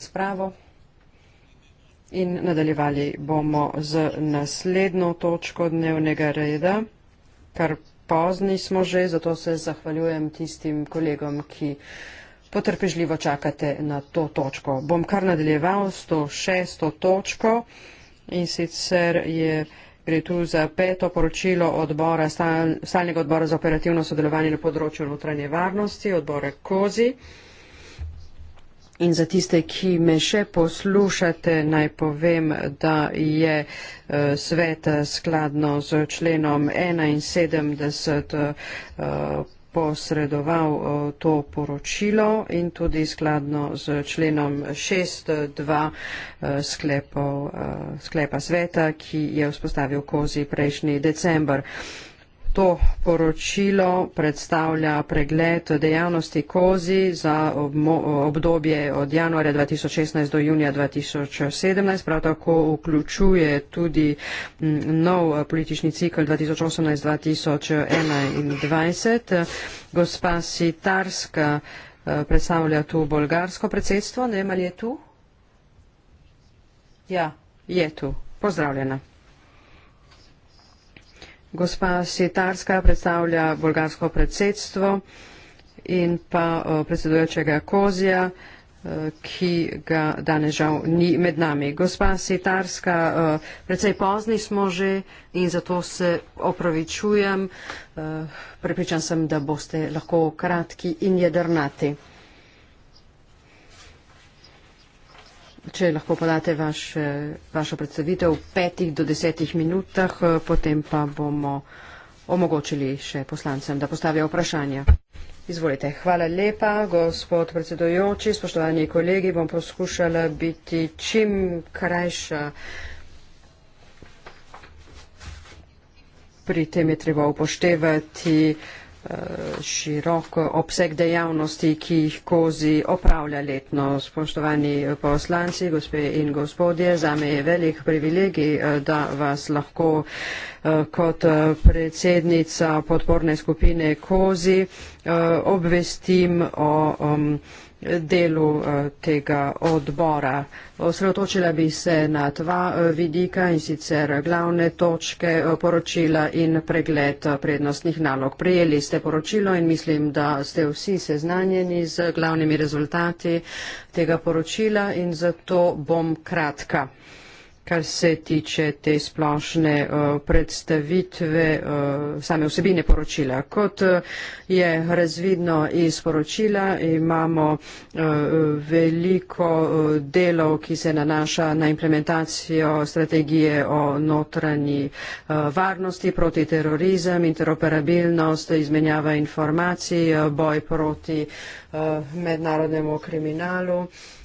spravo. In nadaljevali bomo z naslednjo točko dnevnega reda, kar pozni smo že, zato se zahvaljujem tistim kolegom, ki potrpežljivo čakate na to točko. Bom kar nadaljeval s to šesto točko in sicer je, gre tu za peto poročilo odbora, stalnega odbora za operativno sodelovanje na področju notranje varnosti, odbora Kozi. In za tiste, ki me še poslušate, naj povem, da je eh, svet eh, skladno z členom 71 eh, posredoval to poročilo in tudi skladno z členom 6.2 sklepa sveta, ki je vzpostavil kozi prejšnji december. To poročilo predstavlja pregled dejavnosti kozi za obdobje od januarja 2016 do junija 2017, prav tako vključuje tudi nov politični cikl 2018-2021. Gospa Sitarska eh, predstavlja tu bolgarsko predsedstvo, ne vem ali je tu? Ja, je tu. Pozdravljena. Gospa Sitarska predstavlja bolgarsko predsedstvo in pa predsedujočega Kozija, ki ga danes žal ni med nami. Gospa Sitarska, predvsej pozni smo že in zato se opravičujem. Prepričan sem, da boste lahko kratki in jedrnati. če lahko podate vaš, eh, vašo predstavitev v petih do desetih minutah, eh, potem pa bomo omogočili še poslancem, da postavijo vprašanja. Izvolite. Hvala lepa, gospod predsedojoči, spoštovani kolegi, bom poskušala biti čim krajša. Pri tem je treba upoštevati uh, širok obseg dejavnosti, ki jih kozi opravlja letno. Spoštovani poslanci, gospe in gospodje, za me je velik privilegij, eh, da vas lahko eh, kot eh, predsednica podporne skupine kozi obvestim o. o um, delu eh, tega odbora. Osredotočila bi se na dva eh, vidika in sicer glavne točke eh, poročila in pregled prednostnih nalog. Prijeli ste poročilo in mislim, da ste vsi seznanjeni z glavnimi rezultati tega poročila in zato bom kratka kar se tiče te splošne uh, predstavitve uh, same vsebine poročila. Kot uh, je razvidno iz poročila, imamo uh, veliko uh, delov, ki se nanaša na implementacijo strategije o notranji uh, varnosti proti terorizem, interoperabilnost, izmenjava informacij, uh, boj proti uh, mednarodnemu kriminalu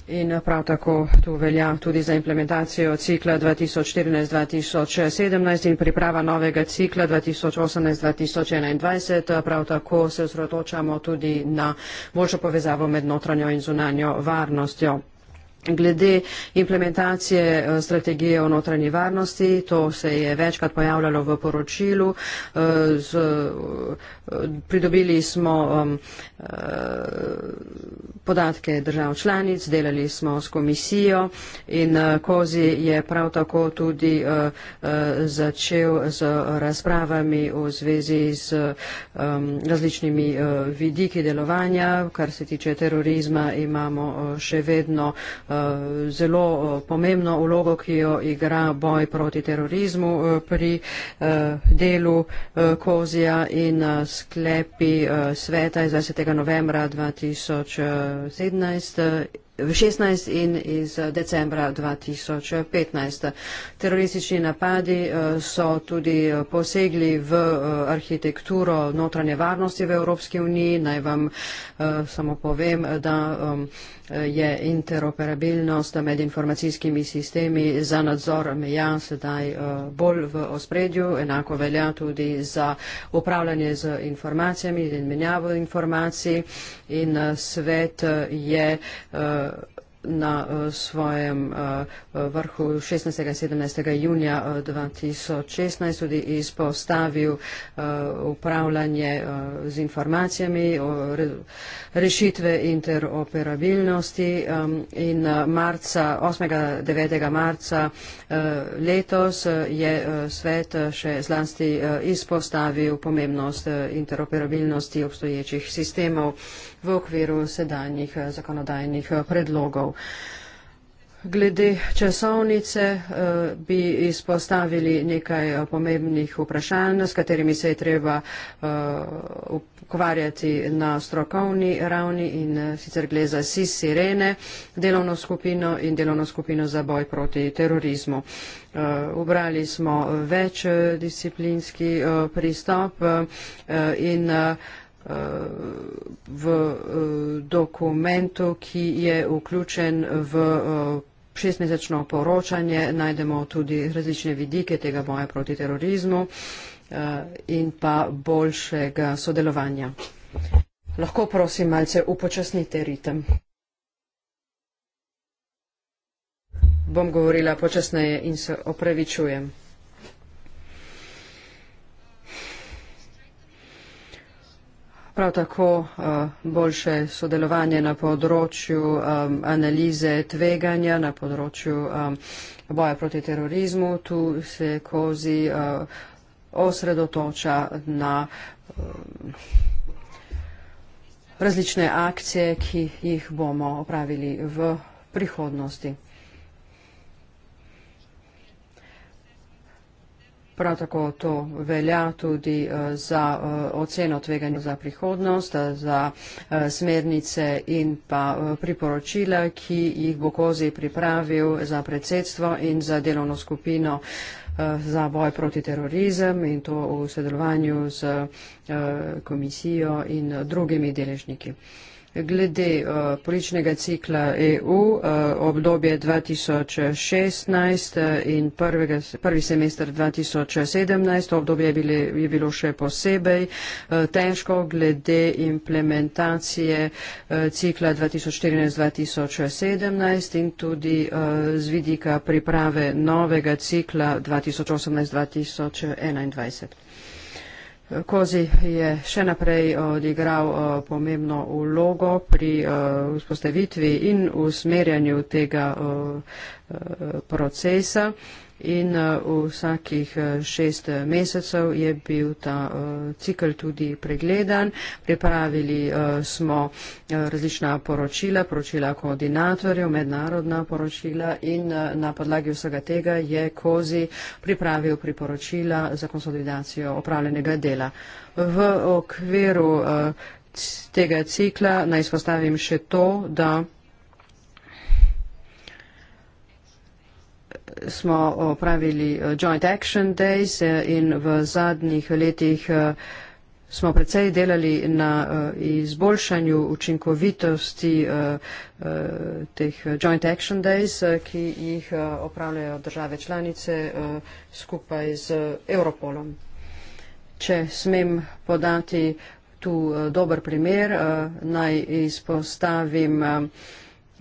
in prav tako tu velja tudi za implementacijo cikla leta 2014-2017 in priprava novega cikla 2018-2021. Prav tako se osredotočamo tudi na boljšo povezavo med notranjo in zunanjo varnostjo. Glede implementacije eh, strategije o notranji varnosti, to se je večkrat pojavljalo v poročilu. Eh, z, eh, pridobili smo um, podatke držav članic, delali smo s komisijo in Kozi je prav tako tudi začel z razpravami v zvezi z um, različnimi vidiki delovanja. Kar se tiče terorizma, imamo še vedno Eh, zelo eh, pomembno ulogo, ki jo igra boj proti terorizmu eh, pri delu Kozija in sklepi sveta iz 20. novembra 2017 16 in iz decembra 2015. Teroristični napadi eh, so tudi eh, posegli v eh, arhitekturo notranje varnosti v Evropski uniji. Naj vam samo povem, da um, je interoperabilnost med informacijskimi sistemi za nadzor meja sedaj bolj v ospredju. Enako velja tudi za upravljanje z informacijami in menjavo informacij. In svet je na eh, svojem eh, vrhu 16. in 17. junija 2016 eh, tudi izpostavil upravljanje z informacijami, rešitve interoperabilnosti in marca, 8. 9. marca letos je svet še zlasti izpostavil pomembnost interoperabilnosti obstoječih sistemov v okviru sedanjih eh, zakonodajnih eh, predlogov. Glede časovnice eh, bi izpostavili nekaj pomembnih vprašanj, s katerimi se je treba ukvarjati na strokovni ravni in sicer gre za SIS Sirene, delovno skupino in delovno skupino za boj proti terorizmu. Ubrali smo več disciplinski pristop in v eh, dokumentu, ki je vključen v eh, šestmesečno poročanje, najdemo tudi različne vidike tega boja proti terorizmu eh, in pa boljšega sodelovanja. Lahko prosim malce upočasnite ritem. Bom govorila počasneje in se opravičujem. prav tako eh, boljše sodelovanje na področju eh, analize tveganja, na področju eh, boja proti terorizmu. Tu se kozi osredotoča na različne akcije, ki jih bomo opravili v prihodnosti. Prav tako to velja tudi eh, za eh, oceno tveganja za prihodnost, eh, za smernice in pa priporočila, ki jih bo Kozi pripravil za predsedstvo in za delovno skupino za boj proti terorizem in to v sodelovanju z komisijo in drugimi deležniki glede uh, političnega cikla EU uh, eh, obdobje 2016 eh, in prvega, prvi semester 2017. Obdobje je, bile, je bilo še posebej uh, težko glede implementacije uh, cikla 2014-2017 in tudi uh, z vidika priprave novega cikla 2018-2021. Kozi je še naprej odigral eh, pomembno vlogo pri eh, vzpostavitvi in usmerjanju tega eh, procesa in eh, vsakih eh, šest eh, mesecev je bil ta cikl tudi pregledan. Pripravili smo različna poročila, poročila koordinatorjev, mednarodna poročila in na podlagi vsega tega je Kozi pripravil priporočila za konsolidacijo opravljenega dela. V okviru tega cikla naj izpostavim še to, da smo opravili eh, Joint Action Days eh, in v zadnjih letih eh, smo precej delali na izboljšanju učinkovitosti teh Joint Action Days, ki jih opravljajo države članice skupaj z Europolom. Če smem podati tu dober primer, naj izpostavim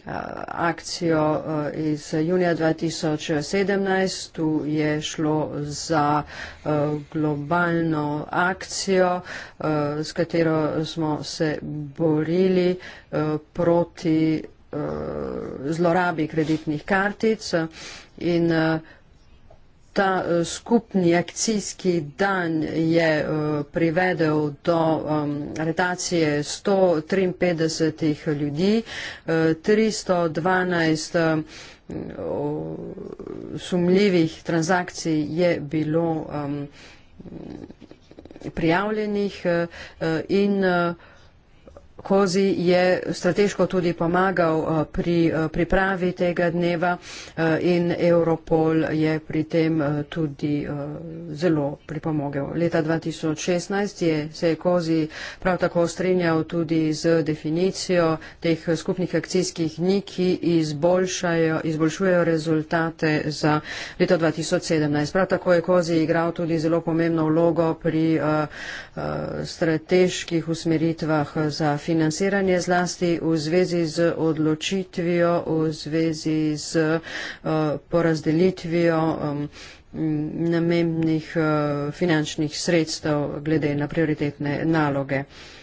Eh, akcijo eh, iz junija 2017. Tu je šlo za eh, globalno akcijo, s katero smo se borili proti zlorabi kreditnih kartic in ta uh, skupni akcijski dan je uh, privedel do um, aretacije 153 ljudi, uh, 312 uh, sumljivih transakcij je bilo um, prijavljenih uh, in uh, Kozi je strateško tudi pomagal eh, pri eh, pripravi tega dneva eh, in Europol je pri tem tudi zelo pripomogel. Leta 2016 je se je Kozi prav tako strinjal tudi z definicijo teh skupnih akcijskih dni, ki izboljšujejo rezultate za leto 2017. Prav tako je Kozi igral tudi zelo pomembno vlogo pri strateških usmeritvah za finančne financiranje zlasti v zvezi z odločitvijo, v zvezi z uh, porazdelitvijo um, namembnih uh, finančnih sredstev glede na prioritetne naloge. Uh,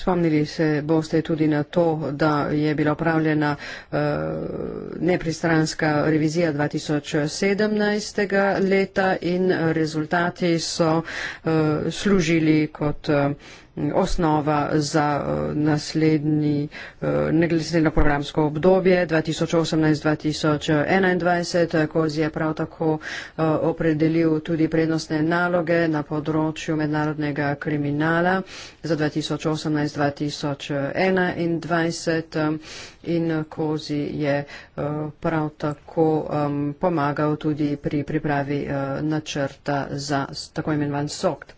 Spomnili se boste tudi na to, da je bila upravljena eh, nepristranska revizija 2017. leta in rezultati so eh, služili kot eh, osnova za eh, naslednji, ne glede na programsko obdobje 2018-2021, kozi je prav tako eh, opredelil tudi prednostne naloge na področju mednarodnega kriminala za 2018-2021 eh, in kozi je prav tako pomagal tudi pri pripravi načrta za tako imenovan SOKT.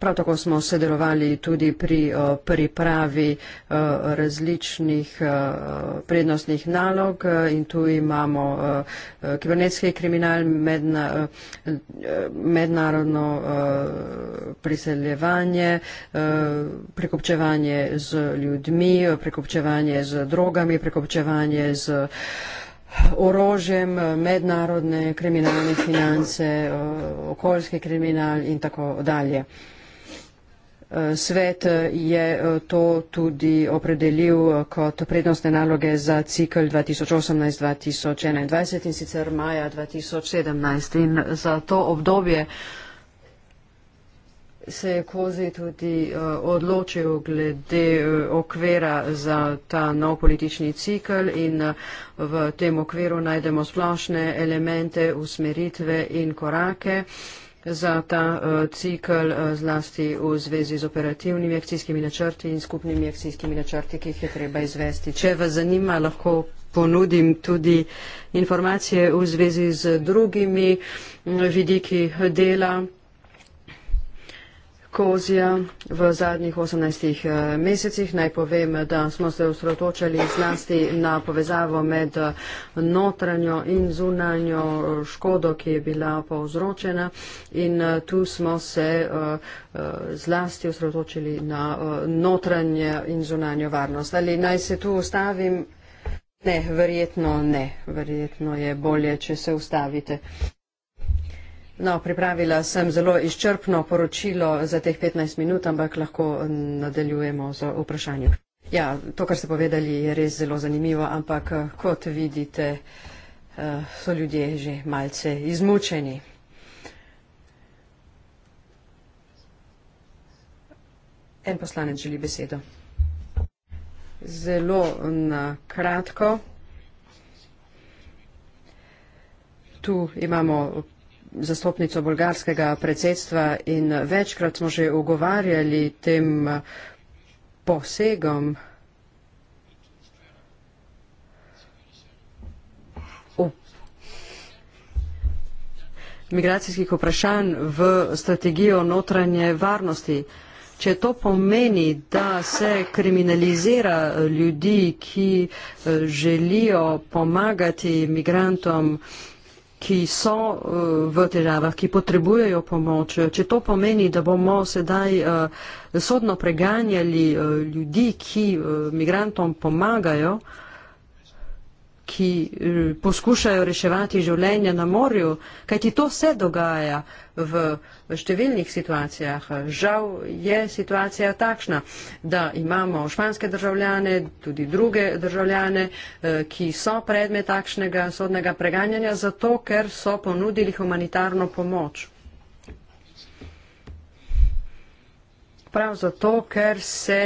Prav tako smo sodelovali tudi pri pripravi različnih prednostnih nalog e, in tu imamo e, kibernetski kriminal, e, mednarodno priseljevanje, prekopčevanje z ljudmi, prekopčevanje z drogami, prekopčevanje z orožjem, mednarodne kriminalne finance, okoljski kriminal in tako dalje. Svet je eh, to tudi opredelil eh, kot prednostne naloge za cikl 2018-2021 in sicer maja 2017. In za to obdobje se je Kozi tudi eh, odločil glede okvira za ta nov politični cikl in v tem okviru najdemo splošne elemente, usmeritve in korake za ta uh, eh, cikl uh, eh, zlasti v zvezi z operativnimi akcijskimi načrti in skupnimi akcijskimi načrti, ki jih je treba izvesti. Če vas zanima, lahko ponudim tudi informacije v zvezi z drugimi mm, vidiki dela Kozija v zadnjih 18 eh, mesecih. Naj povem, da smo se osredotočali zlasti na povezavo med eh, notranjo in zunanjo eh, škodo, ki je bila povzročena in tu smo se zlasti osredotočili na notranje in zunanjo varnost. Ali naj se tu ustavim? Ne, verjetno ne. Verjetno je bolje, če se ustavite. No, pripravila sem zelo izčrpno poročilo za teh 15 minut, ampak lahko nadaljujemo z vprašanjem. Ja, to, kar ste povedali, je res zelo zanimivo, ampak eh, kot vidite, eh, so ljudje že malce izmučeni. En poslanec želi besedo. Zelo na kratko. Tu imamo zastopnico bolgarskega predsedstva in večkrat smo že ogovarjali tem posegom migracijskih vprašanj v strategijo notranje varnosti. Če to pomeni, da se kriminalizira ljudi, ki eh, želijo pomagati migrantom, ki so eh, v težavah, ki potrebujejo pomoč, če to pomeni, da bomo sedaj eh, sodno preganjali eh, ljudi, ki migrantom pomagajo, ki eh, poskušajo reševati življenje na morju, kajti to se dogaja v številnih situacijah. Žal je situacija takšna, da imamo španske državljane, tudi druge državljane, eh, ki so predme takšnega sodnega preganjanja, zato ker so ponudili humanitarno pomoč. Prav zato, ker se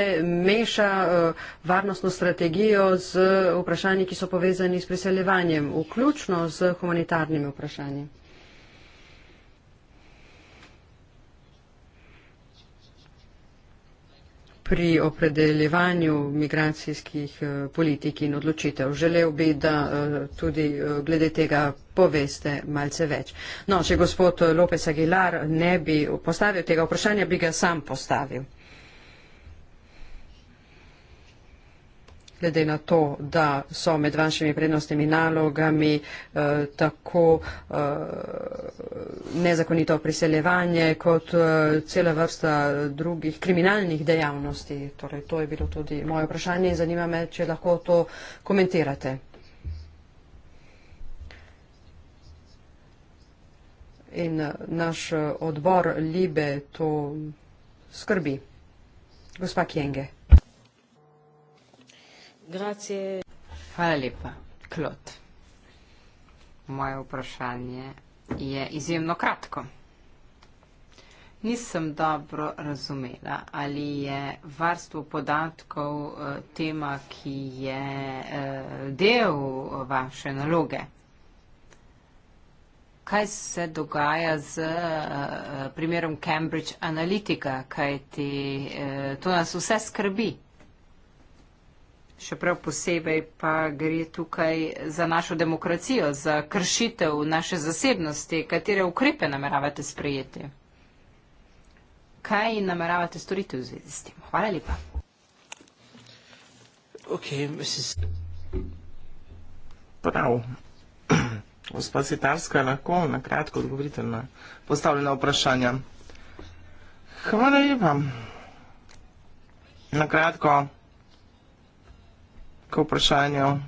meša eh, varnostno strategijo z vprašanji, ki so povezani s priseljevanjem, vključno z humanitarnimi vprašanji. pri opredeljevanju migracijskih eh, politik in odločitev. Želel bi, da eh, tudi eh, glede tega poveste malce več. No, če gospod Lopez Aguilar ne bi postavil tega vprašanja, bi ga sam postavil. glede na to, da so med vašimi prednostnimi nalogami eh, tako eh, nezakonito priseljevanje kot eh, cela vrsta drugih kriminalnih dejavnosti. Torej, to je bilo tudi moje vprašanje in zanima me, če lahko to komentirate. In eh, naš eh, odbor Libe to skrbi. Gospa Kjenge. Grazie. Hvala lepa. Klot. Moje vprašanje je izjemno kratko. Nisem dobro razumela, ali je varstvo podatkov eh, tema, ki je eh, del vaše naloge. Kaj se dogaja z eh, primerom Cambridge Analytica, kaj ti to nas vse skrbi? še prav posebej pa gre tukaj za našo demokracijo, za kršitev naše zasebnosti, katere ukrepe nameravate sprejeti. Kaj nameravate storiti v zvezi s tem? Hvala lepa. Okay, Mrs. Prav. Gospa Citarska, lahko na kratko odgovorite na postavljena vprašanja. Hvala lepa. Na kratko k vprašanju.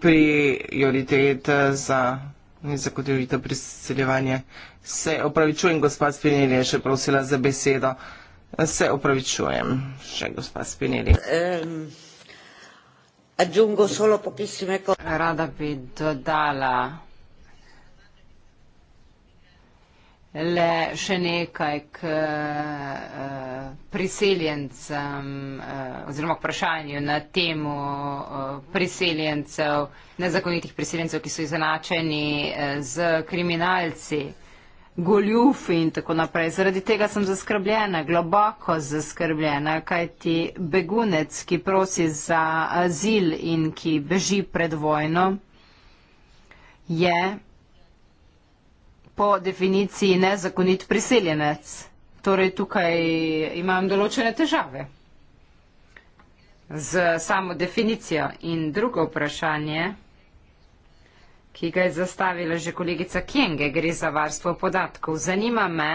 Prioritet eh, za nezakotovito priseljevanje. Se opravičujem, gospa Spinelli je še prosila za besedo. Se opravičujem, še gospa Spinelli. Um. Rada bi dodala le še nekaj k uh, priseljencem uh, oziroma vprašanju na temo uh, priseljencev, nezakonitih priseljencev, ki so izenačeni uh, z kriminalci, goljufi in tako naprej. Zaradi tega sem zaskrbljena, globoko zaskrbljena, kajti begunec, ki prosi za azil in ki beži pred vojno, je po definiciji nezakonit priseljenec. Torej tukaj imam določene težave z samo definicijo. In drugo vprašanje, ki ga je zastavila že kolegica Kjenge, gre za varstvo podatkov. Zanima me,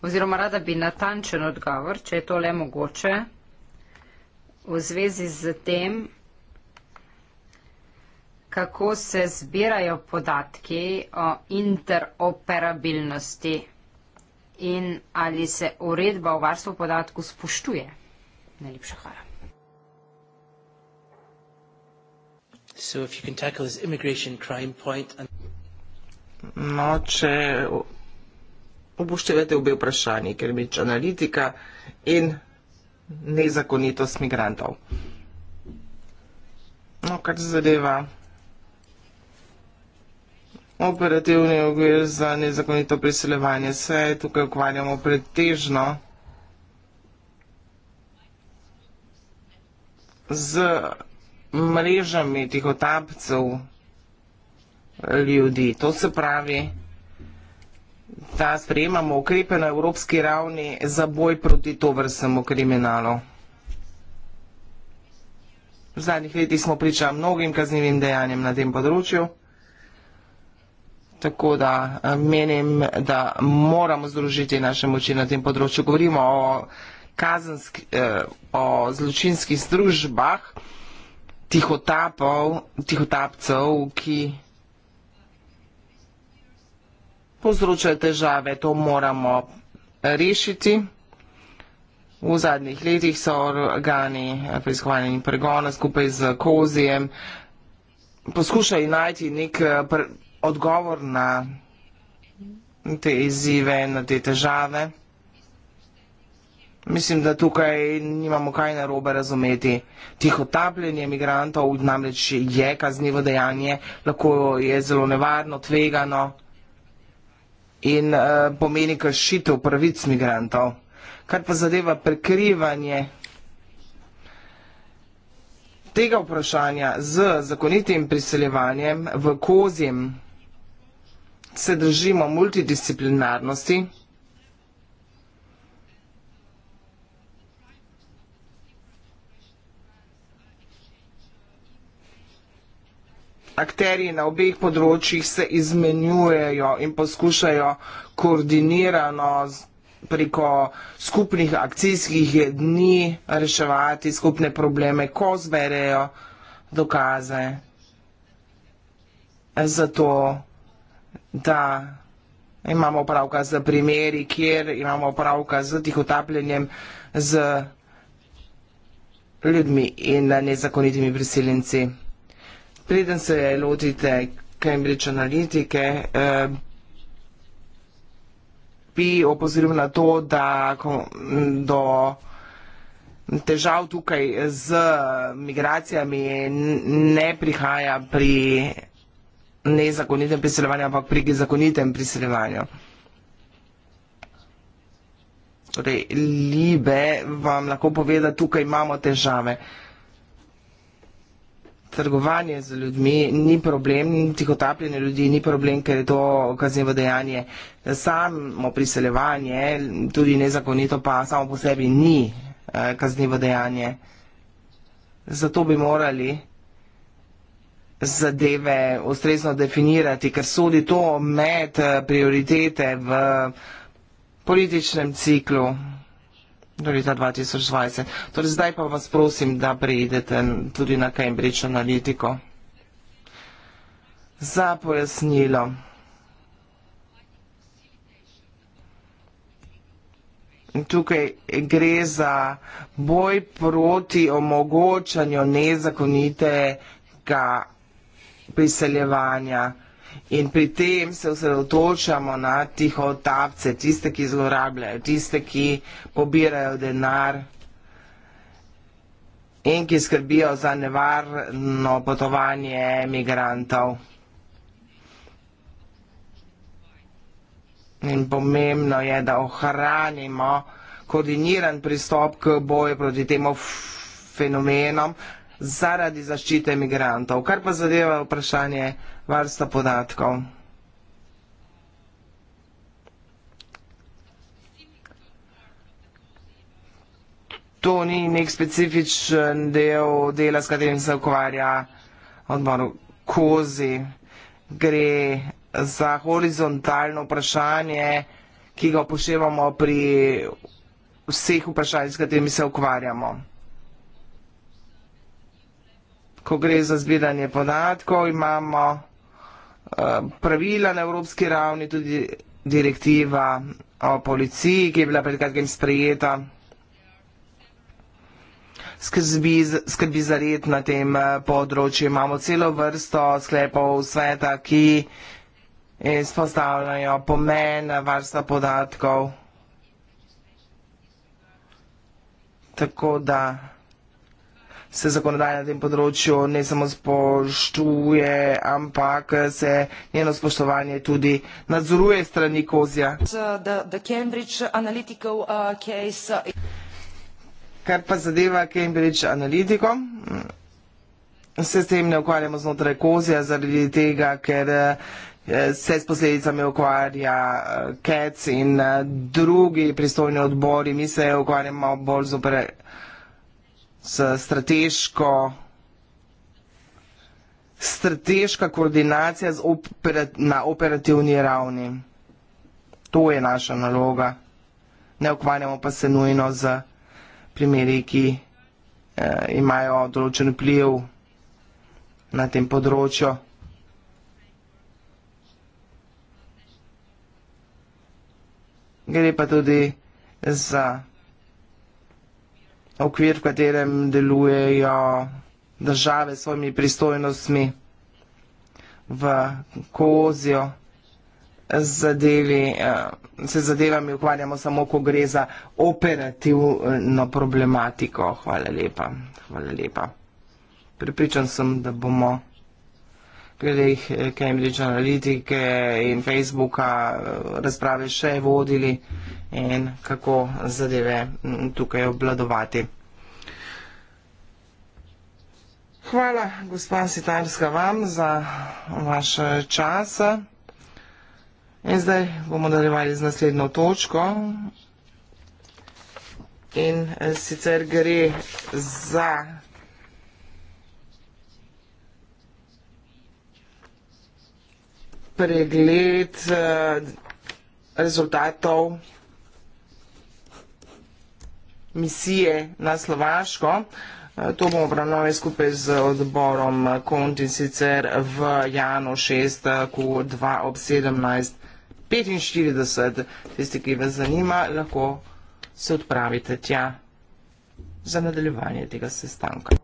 oziroma rada bi natančen odgovor, če je to le mogoče, v zvezi z tem, kako se zbirajo podatki o interoperabilnosti in ali se uredba o varstvu podatku spoštuje. Najlepša hvala. No, če upoštevate obe vprašanji, ker je meč analitika in nezakonitost migrantov. No, kar zadeva operativni okvir za nezakonito priseljevanje. Se tukaj ukvarjamo pretežno z mrežami tih otapcev ljudi. To se pravi, da sprejemamo ukrepe na evropski ravni za boj proti to vrstemu kriminalu. V zadnjih letih smo pričali mnogim kaznivim dejanjem na tem področju. Tako da eh, menim, da moramo združiti naše moči na tem področju. Govorimo o, kazenski, eh, o zločinskih združbah tihotapcev, ki povzročajo težave. To moramo rešiti. V zadnjih letih so organi eh, preiskovanja in pregona skupaj z kozijem poskušali najti nek. Pre, odgovor na te izzive, na te težave. Mislim, da tukaj nimamo kaj narobe razumeti. Tiho tapljenje migrantov namreč je kaznivo dejanje, lahko je zelo nevarno, tvegano in uh, pomeni kršitev pravic migrantov. Kar pa zadeva prekrivanje tega vprašanja z zakonitim priseljevanjem v kozim se držimo multidisciplinarnosti, Akteri na obeh področjih se izmenjujejo in poskušajo koordinirano preko skupnih akcijskih dni reševati skupne probleme, ko zberejo dokaze za to problem da imamo opravka z primeri, kjer imamo opravka z tihotapljenjem z ljudmi in nezakonitimi priseljenci. Preden se lotite Cambridge analitike, eh, bi opozoril na to, da do težav tukaj z migracijami ne prihaja pri nezakonitem priseljevanju, ampak pri zakonitem priseljevanju. Torej, Libe vam lahko pove, da tukaj imamo težave. Trgovanje z ljudmi ni problem, tihotapljenje ljudi ni problem, ker je to kaznivo dejanje. Samo priseljevanje, tudi nezakonito, pa samo po sebi ni eh, kaznivo dejanje. Zato bi morali zadeve ustrezno definirati, ker sodi to med eh, prioritete v političnem ciklu do leta 2020. Torej zdaj pa vas prosim, da prejdete tudi na Cambridge analitiko za pojasnilo. Tukaj gre za boj proti omogočanju nezakonitega priseljevanja. In pri tem se osredotočamo na tiho tapce, tiste, ki zlorabljajo, tiste, ki pobirajo denar in ki skrbijo za nevarno potovanje emigrantov. In pomembno je, da ohranimo koordiniran pristop k boju proti temu fenomenom, zaradi zaščite imigrantov. Kar pa zadeva vprašanje varstva podatkov. To ni nek specifičen del dela, s katerim se ukvarja odbor kozi. Gre za horizontalno vprašanje, ki ga upoštevamo pri vseh vprašanjih, s katerimi se ukvarjamo ko gre za zbiranje podatkov, imamo eh, pravila na evropski ravni, tudi direktiva o policiji, ki je bila pred kratkim sprejeta, skrbi, skrbi za red na tem eh, področju. Imamo celo vrsto sklepov sveta, ki izpostavljajo pomen varstva podatkov. Tako da se zakonodaja na tem področju ne samo spoštuje, ampak se njeno spoštovanje tudi nadzoruje strani kozja. Uh, uh, Kar pa zadeva Cambridge Analytico, se s tem ne ukvarjamo znotraj kozja zaradi tega, ker eh, se s posledicami ukvarja eh, CATS in eh, drugi pristojni odbori, mi se ukvarjamo bolj z operacijami s strateško strateška koordinacija z operat, na operativni ravni. To je naša naloga. Ne ukvarjamo pa se nujno z primeri, ki eh, imajo določen vpliv na tem področju. Gre pa tudi za okvir, v katerem delujejo države s svojimi pristojnostmi v kozijo eh, se zadevami ukvarjamo samo, ko gre za operativno problematiko. Hvala lepa. Hvala lepa. Pripričan sem, da bomo glede eh, Cambridge Analytica in Facebooka eh, razprave še vodili in kako zadeve mm, tukaj obladovati. Hvala, gospa Sitarska, vam za vaš eh, čas. In zdaj bomo nadaljevali z naslednjo točko. In sicer gre za pregled eh, rezultatov misije na Slovaško. Eh, to bomo obravnali skupaj z odborom Kont in sicer v Janu 6, eh, Q2 ob 17.45. Tisti, ki vas zanima, lahko se odpravite tja za nadaljevanje tega sestanka.